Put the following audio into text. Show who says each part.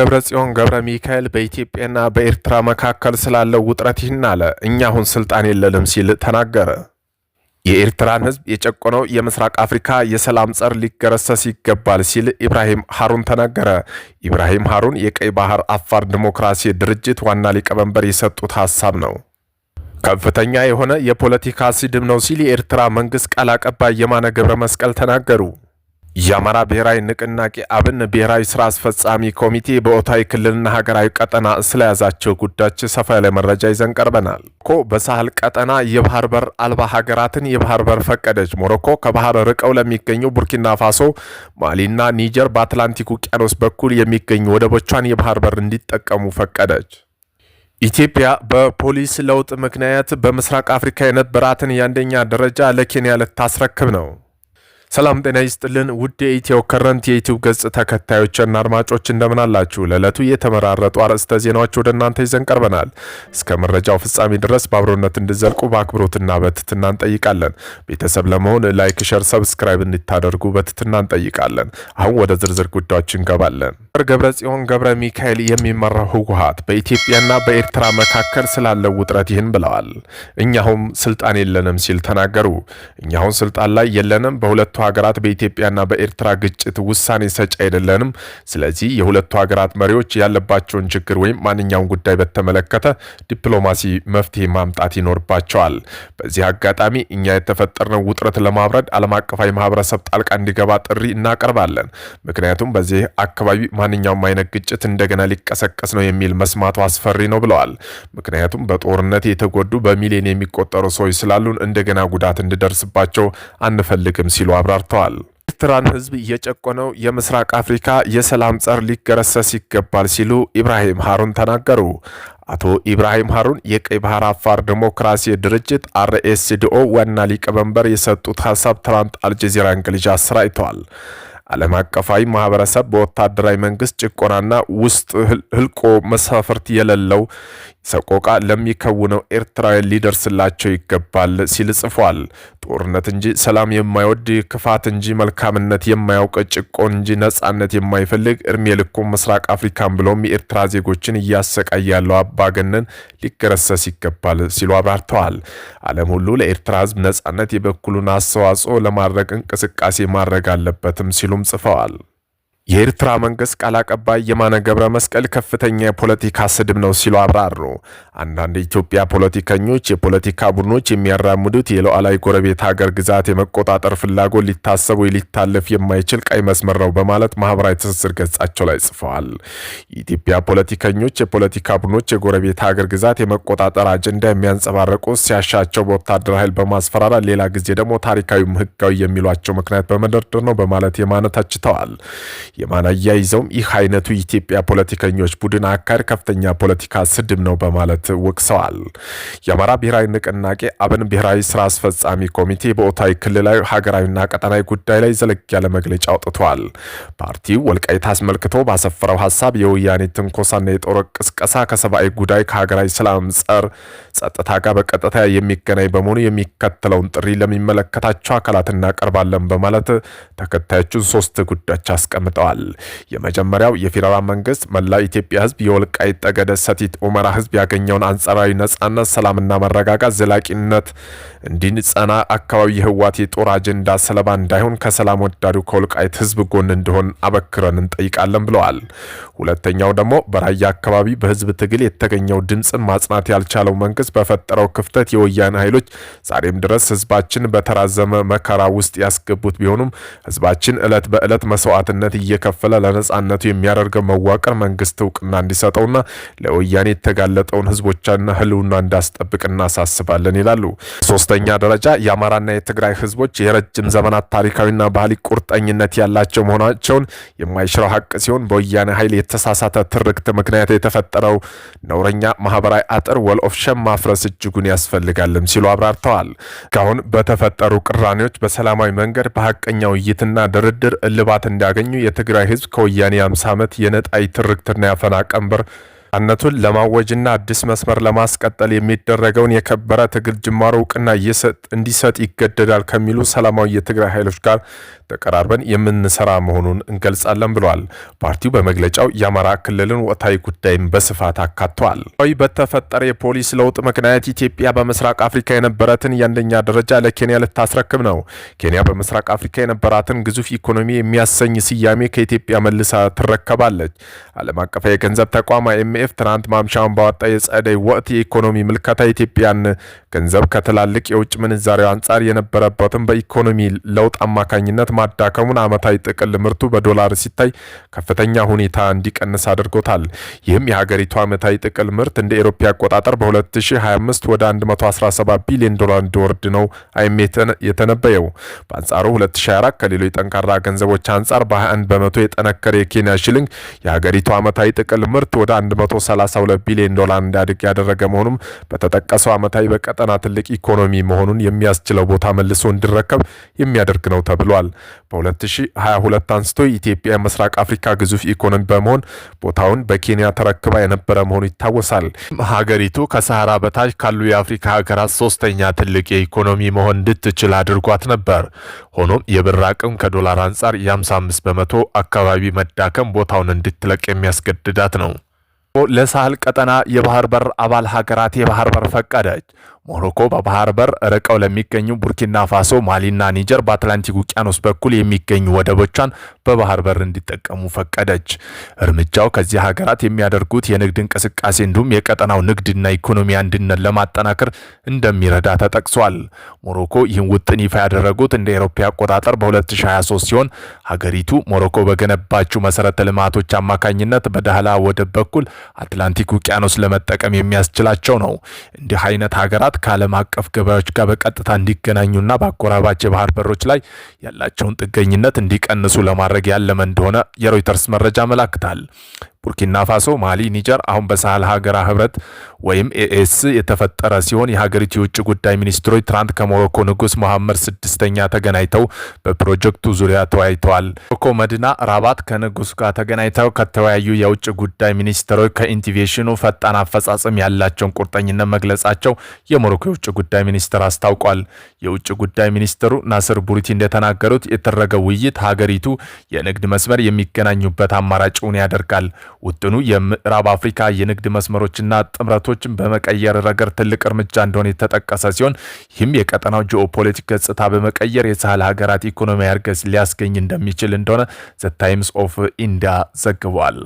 Speaker 1: ገብረጽዮን ገብረ ሚካኤል በኢትዮጵያና በኤርትራ መካከል ስላለው ውጥረት ይህን አለ። እኛ አሁን ስልጣን የለንም ሲል ተናገረ። የኤርትራን ህዝብ የጨቆነው የምስራቅ አፍሪካ የሰላም ጸር ሊገረሰስ ይገባል ሲል ኢብራሂም ሃሩን ተናገረ። ኢብራሂም ሃሩን የቀይ ባህር አፋር ዲሞክራሲ ድርጅት ዋና ሊቀመንበር የሰጡት ሀሳብ ነው። ከፍተኛ የሆነ የፖለቲካ ስድብ ነው ሲል የኤርትራ መንግስት ቃል አቀባይ የማነ ገብረ መስቀል ተናገሩ። የአማራ ብሔራዊ ንቅናቄ አብን ብሔራዊ ስራ አስፈጻሚ ኮሚቴ በኦታዊ ክልልና ሀገራዊ ቀጠና ስለያዛቸው ጉዳዮች ሰፋ ያለ መረጃ ይዘን ቀርበናል። ሞሮኮ በሳህል ቀጠና የባህር በር አልባ ሀገራትን የባህር በር ፈቀደች። ሞሮኮ ከባህር ርቀው ለሚገኙ ቡርኪና ፋሶ፣ ማሊና ኒጀር በአትላንቲክ ውቅያኖስ በኩል የሚገኙ ወደቦቿን የባህር በር እንዲጠቀሙ ፈቀደች። ኢትዮጵያ በፖሊስ ለውጥ ምክንያት በምስራቅ አፍሪካ የነበራትን የአንደኛ ደረጃ ለኬንያ ልታስረክብ ነው። ሰላም ጤና ይስጥልን ውድ የኢትዮ ከረንት የዩቲዩብ ገጽ ተከታዮችና አድማጮች እንደምን አላችሁ? ለዕለቱ የተመራረጡ አርዕስተ ዜናዎች ወደ እናንተ ይዘን ቀርበናል። እስከ መረጃው ፍጻሜ ድረስ በአብሮነት እንዲዘልቁ በአክብሮትና በትትና እንጠይቃለን። ቤተሰብ ለመሆን ላይክ፣ ሸር፣ ሰብስክራይብ እንድታደርጉ በትትና እንጠይቃለን። አሁን ወደ ዝርዝር ጉዳዮች እንገባለን። ገብረ ጽዮን ገብረ ሚካኤል የሚመራው ህወሓት በኢትዮጵያና በኤርትራ መካከል ስላለው ውጥረት ይህን ብለዋል። እኛሁም ስልጣን የለንም ሲል ተናገሩ። እኛሁን ስልጣን ላይ የለንም በሁለቱ ሀገራት በኢትዮጵያና በኤርትራ ግጭት ውሳኔ ሰጭ አይደለንም። ስለዚህ የሁለቱ ሀገራት መሪዎች ያለባቸውን ችግር ወይም ማንኛውም ጉዳይ በተመለከተ ዲፕሎማሲ መፍትሄ ማምጣት ይኖርባቸዋል። በዚህ አጋጣሚ እኛ የተፈጠርነው ውጥረት ለማብረድ ዓለም አቀፋዊ ማህበረሰብ ጣልቃ እንዲገባ ጥሪ እናቀርባለን። ምክንያቱም በዚህ አካባቢ ማንኛውም አይነት ግጭት እንደገና ሊቀሰቀስ ነው የሚል መስማቱ አስፈሪ ነው ብለዋል። ምክንያቱም በጦርነት የተጎዱ በሚሊዮን የሚቆጠሩ ሰዎች ስላሉን እንደገና ጉዳት እንዲደርስባቸው አንፈልግም ሲሉ አብረ አብራርተዋል። ኤርትራን ህዝብ እየጨቆነው የምስራቅ አፍሪካ የሰላም ጸር ሊገረሰስ ይገባል ሲሉ ኢብራሂም ሃሩን ተናገሩ። አቶ ኢብራሂም ሃሩን የቀይ ባህር አፋር ዲሞክራሲ ድርጅት አርኤስሲዲኦ ዋና ሊቀመንበር የሰጡት ሀሳብ ትናንት አልጀዚራ እንግሊዝ አሰራጭተዋል። ዓለም አቀፋዊ ማህበረሰብ በወታደራዊ መንግስት ጭቆናና ውስጥ ህልቆ መሳፍርት የሌለው ሰቆቃ ለሚከውነው ኤርትራዊ ሊደርስላቸው ይገባል ሲል ጽፏል። ጦርነት እንጂ ሰላም የማይወድ ክፋት እንጂ መልካምነት የማያውቅ ጭቆን እንጂ ነጻነት የማይፈልግ እድሜ ልኩን ምስራቅ አፍሪካን ብሎም የኤርትራ ዜጎችን እያሰቃየ ያለው አባገነን ሊገረሰስ ይገባል ሲሉ አብራርተዋል። ዓለም ሁሉ ለኤርትራ ህዝብ ነጻነት የበኩሉን አስተዋጽኦ ለማድረግ እንቅስቃሴ ማድረግ አለበትም ሲሉ ሲሉም ጽፈዋል። የኤርትራ መንግስት ቃል አቀባይ የማነ ገብረ መስቀል ከፍተኛ የፖለቲካ ስድብ ነው ሲሉ አብራሩ። አንዳንድ የኢትዮጵያ ፖለቲከኞች የፖለቲካ ቡድኖች የሚያራምዱት የሉዓላዊ ጎረቤት ሀገር ግዛት የመቆጣጠር ፍላጎት ሊታሰብ ወይ ሊታለፍ የማይችል ቀይ መስመር ነው በማለት ማህበራዊ ትስስር ገጻቸው ላይ ጽፈዋል። የኢትዮጵያ ፖለቲከኞች የፖለቲካ ቡድኖች የጎረቤት ሀገር ግዛት የመቆጣጠር አጀንዳ የሚያንጸባረቁ ሲያሻቸው በወታደር ኃይል በማስፈራራት ሌላ ጊዜ ደግሞ ታሪካዊም ህጋዊ የሚሏቸው ምክንያት በመደርደር ነው በማለት የማነ ተችተዋል። የማን አያይዘውም ይህ አይነቱ የኢትዮጵያ ፖለቲከኞች ቡድን አካሄድ ከፍተኛ ፖለቲካ ስድብ ነው በማለት ወቅሰዋል። የአማራ ብሔራዊ ንቅናቄ አብን ብሔራዊ ስራ አስፈጻሚ ኮሚቴ በኦታዊ ክልላዊ ሀገራዊና ቀጠናዊ ጉዳይ ላይ ዘለግ ያለ መግለጫ አውጥቷል። ፓርቲው ወልቃይት አስመልክቶ ባሰፈረው ሀሳብ የወያኔ ትንኮሳና የጦር ቅስቀሳ ከሰብአዊ ጉዳይ ከሀገራዊ ሰላም ጸር ጸጥታ ጋር በቀጥታ የሚገናኝ በመሆኑ የሚከተለውን ጥሪ ለሚመለከታቸው አካላት እናቀርባለን በማለት ተከታዮቹን ሶስት ጉዳዮች አስቀምጠዋል። ገልጸዋል። የመጀመሪያው የፌዴራል መንግስት መላው ኢትዮጵያ ህዝብ የወልቃይት ጠገደ ሰቲት ኦመራ ህዝብ ያገኘውን አንጻራዊ ነጻነት፣ ሰላምና መረጋጋት ዘላቂነት እንዲንጸና አካባቢ የህዋት የጦር አጀንዳ ሰለባ እንዳይሆን ከሰላም ወዳዱ ከወልቃይት ህዝብ ጎን እንዲሆን አበክረን እንጠይቃለን ብለዋል። ሁለተኛው ደግሞ በራያ አካባቢ በህዝብ ትግል የተገኘው ድምፅን ማጽናት ያልቻለው መንግስት በፈጠረው ክፍተት የወያነ ኃይሎች ዛሬም ድረስ ህዝባችን በተራዘመ መከራ ውስጥ ያስገቡት ቢሆኑም ህዝባችን ዕለት በዕለት መስዋዕትነት እየከፈለ ለነጻነቱ የሚያደርገው መዋቅር መንግስት እውቅና እንዲሰጠውና ለወያኔ የተጋለጠውን ህዝቦቻና ህልውና እንዳስጠብቅ እናሳስባለን ይላሉ። ሶስተኛ ደረጃ የአማራና የትግራይ ህዝቦች የረጅም ዘመናት ታሪካዊና ባህሊ ቁርጠኝነት ያላቸው መሆናቸውን የማይሽረው ሀቅ ሲሆን በወያኔ ኃይል የተሳሳተ ትርክት ምክንያት የተፈጠረው ነውረኛ ማህበራዊ አጥር ወል ኦፍ ሸም ማፍረስ እጅጉን ያስፈልጋልም ሲሉ አብራርተዋል። እስካሁን በተፈጠሩ ቅራኔዎች በሰላማዊ መንገድ በሀቀኛ ውይይትና ድርድር እልባት እንዲያገኙ የት የትግራይ ህዝብ ከወያኔ 50 ዓመት የነጣይ ትርክትና ያፈና ቀንበር አነቱን ለማወጅና አዲስ መስመር ለማስቀጠል የሚደረገውን የከበረ ትግል ጅማሮ እውቅና እንዲሰጥ ይገደዳል ከሚሉ ሰላማዊ የትግራይ ኃይሎች ጋር ተቀራርበን የምንሰራ መሆኑን እንገልጻለን ብለዋል። ፓርቲው በመግለጫው የአማራ ክልልን ወቅታዊ ጉዳይም በስፋት አካቷል። በተፈጠረ የፖሊስ ለውጥ ምክንያት ኢትዮጵያ በምስራቅ አፍሪካ የነበረትን የአንደኛ ደረጃ ለኬንያ ልታስረክብ ነው። ኬንያ በምስራቅ አፍሪካ የነበራትን ግዙፍ ኢኮኖሚ የሚያሰኝ ስያሜ ከኢትዮጵያ መልሳ ትረከባለች። ዓለም አቀፋዊ የገንዘብ ተቋም አይኤምኤፍ ትናንት ማምሻውን ባወጣ የጸደይ ወቅት የኢኮኖሚ ምልከታ ኢትዮጵያን ገንዘብ ከትላልቅ የውጭ ምንዛሬው አንጻር የነበረበትን በኢኮኖሚ ለውጥ አማካኝነት ማዳከሙን ዓመታዊ ጥቅል ምርቱ በዶላር ሲታይ ከፍተኛ ሁኔታ እንዲቀንስ አድርጎታል። ይህም የሀገሪቱ ዓመታዊ ጥቅል ምርት እንደ ኤሮፓ አቆጣጠር በ2025 ወደ 117 ቢሊዮን ዶላር እንዲወርድ ነው አይኤምኤፍ የተነበየው። በአንጻሩ 2024 ከሌሎች ጠንካራ ገንዘቦች አንጻር በ21 በመቶ የጠነከረ የኬንያ ሽልንግ የሀገሪቱ ዓመታዊ ጥቅል ምርት ወደ 132 ቢሊዮን ዶላር እንዲያድግ ያደረገ መሆኑም በተጠቀሰው ዓመታዊ በቀጠና ትልቅ ኢኮኖሚ መሆኑን የሚያስችለው ቦታ መልሶ እንዲረከብ የሚያደርግ ነው ተብሏል። በ2022 አንስቶ ኢትዮጵያ የምስራቅ አፍሪካ ግዙፍ ኢኮኖሚ በመሆን ቦታውን በኬንያ ተረክባ የነበረ መሆኑ ይታወሳል። ሀገሪቱ ከሰሃራ በታች ካሉ የአፍሪካ ሀገራት ሶስተኛ ትልቅ የኢኮኖሚ መሆን እንድትችል አድርጓት ነበር። ሆኖም የብር አቅም ከዶላር አንጻር የ55 በመቶ አካባቢ መዳከም ቦታውን እንድትለቅ የሚያስገድዳት ነው። ለሳህል ቀጠና የባህር በር አባል ሀገራት የባህር በር ፈቀደች። ሞሮኮ በባህር በር ርቀው ለሚገኙ ቡርኪና ፋሶ፣ ማሊና ኒጀር በአትላንቲክ ውቅያኖስ በኩል የሚገኙ ወደቦቿን በባህር በር እንዲጠቀሙ ፈቀደች። እርምጃው ከዚህ ሀገራት የሚያደርጉት የንግድ እንቅስቃሴ እንዲሁም የቀጠናው ንግድና ኢኮኖሚ አንድነት ለማጠናከር እንደሚረዳ ተጠቅሷል። ሞሮኮ ይህን ውጥን ይፋ ያደረጉት እንደ ኤሮፓ አቆጣጠር በ2023 ሲሆን ሀገሪቱ ሞሮኮ በገነባችው መሰረተ ልማቶች አማካኝነት በዳህላ ወደብ በኩል አትላንቲክ ውቅያኖስ ለመጠቀም የሚያስችላቸው ነው። እንዲህ አይነት ሀገራት ሀገራት ከዓለም አቀፍ ገበያዎች ጋር በቀጥታ እንዲገናኙና በአጎራባች የባህር በሮች ላይ ያላቸውን ጥገኝነት እንዲቀንሱ ለማድረግ ያለመ እንደሆነ የሮይተርስ መረጃ አመላክታል። ቡርኪና ፋሶ፣ ማሊ፣ ኒጀር አሁን በሳህል ሀገራ ህብረት ወይም ኤኤስ የተፈጠረ ሲሆን የሀገሪቱ የውጭ ጉዳይ ሚኒስትሮች ትናንት ከሞሮኮ ንጉስ መሐመድ ስድስተኛ ተገናኝተው በፕሮጀክቱ ዙሪያ ተወያይተዋል። ሞሮኮ መዲና ራባት ከንጉሱ ጋር ተገናኝተው ከተወያዩ የውጭ ጉዳይ ሚኒስትሮች ከኢንቲቬሽኑ ፈጣን አፈጻጸም ያላቸውን ቁርጠኝነት መግለጻቸው የሞሮኮ የውጭ ጉዳይ ሚኒስትር አስታውቋል። የውጭ ጉዳይ ሚኒስትሩ ናስር ቡሪቲ እንደተናገሩት የተደረገው ውይይት ሀገሪቱ የንግድ መስመር የሚገናኙበት አማራጭውን ያደርጋል። ውጥኑ የምዕራብ አፍሪካ የንግድ መስመሮችና ጥምረቶችን በመቀየር ረገድ ትልቅ እርምጃ እንደሆነ የተጠቀሰ ሲሆን ይህም የቀጠናው ጂኦፖለቲክ ገጽታ በመቀየር የሳህል ሀገራት ኢኮኖሚ እድገት ሊያስገኝ እንደሚችል እንደሆነ ዘ ታይምስ ኦፍ ኢንዲያ ዘግቧል።